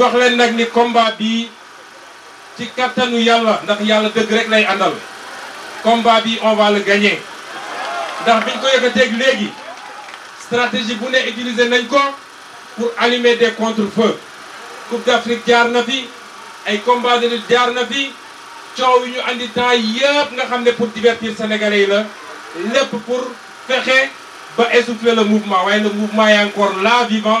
wax leen nag ni combat bi ci kattanu yàlla ndax yàlla dëgg rek lay àndal combat bi on va le gagner ndax biñ ko yëkkateeg léegi stratégie bu ne utiliser nañ ko pour allumer des contre-feux coupe d'Afrique jaar na fi ay combat de lutte jaar na fi coow yi ñu andi temps yëpp nga xam ne pour divertir sénégalais yi la lépp pour fexe ba essouffler le mouvement waaye le mouvement est encore là vivant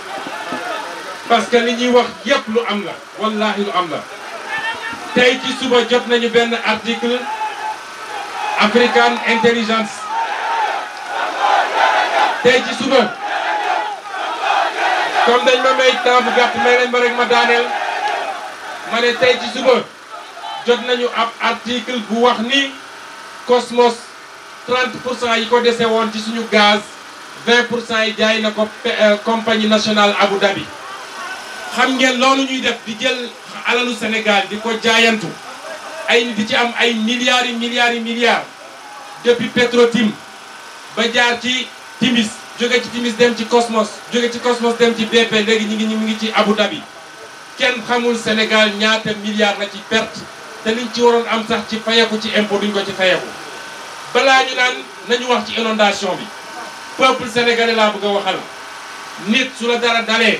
parce que li ñi wax yépp lu am la wallahi lu am la tay ci suba jot nañu ben article African Intelligence tay ci suba comme dañ ma may temps gatt may lañ ma rek ma daanel mané tay ci suba jot nañu ab article bu wax ni Cosmos 30 yi ko déssé won ci suñu gaz 20 yi jaay na ko eh, compagnie nationale Abu Dhabi xam ngeen loolu ñuy def di jël alalu Sénégal di ko jaayantu ay di ci am ay milliards yi milliards yi milliards depuis ba jaar ci Timis jóge ci Timis dem ci Cosmos jóge ci Cosmos dem ci BP léegi ñu ngi mu ngi ci Abu Dhabi kenn xamul senegal ñaata milliards la ci pert te liñ ci waroon am sax ci fayeku ci impôt duñ ko ci fayeku balaa ñu naan nañu wax ci inondation bi peuple sénégalais laa bëgg a waxal nit su la dara dalee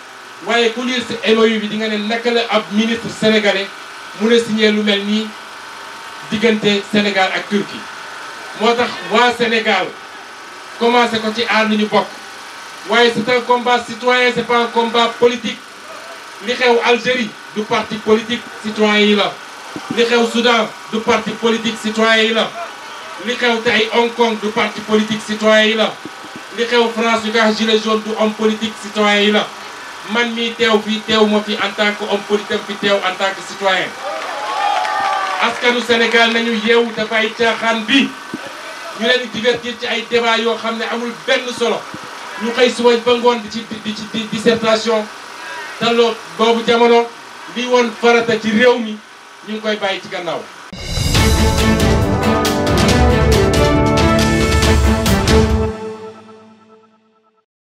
waye ku lire si MOU bi di nga ne ab ministre sénégalais mu a signé lu mel nii Sénégal ak Turquie moo tax waa Sénégal commencé ko ci aar ñu bokk waaye c'est un combat citoyen c'est pas un combat politique li xew Algérie du parti politique citoyen yi la li xew Soudan du parti politique citoyen yi la li xew tey Hong Kong du parti politique citoyen yi la li xew France yu gax gilet jaune du homme politique citoyen yi la man mii teew fii teew ma fi en tant que homme politique fi teew en tant que citoyen askanu senegal nañu yeewu dafay caaxaan bi ñu leen di divertir ci ay débat yoo xam ne amul benn solo ñu xëy suba ba ngoon di ci di ci dissertation te loo boobu jamono li woon farata ci réew mi ñu ngi koy bàyyi ci gannaaw.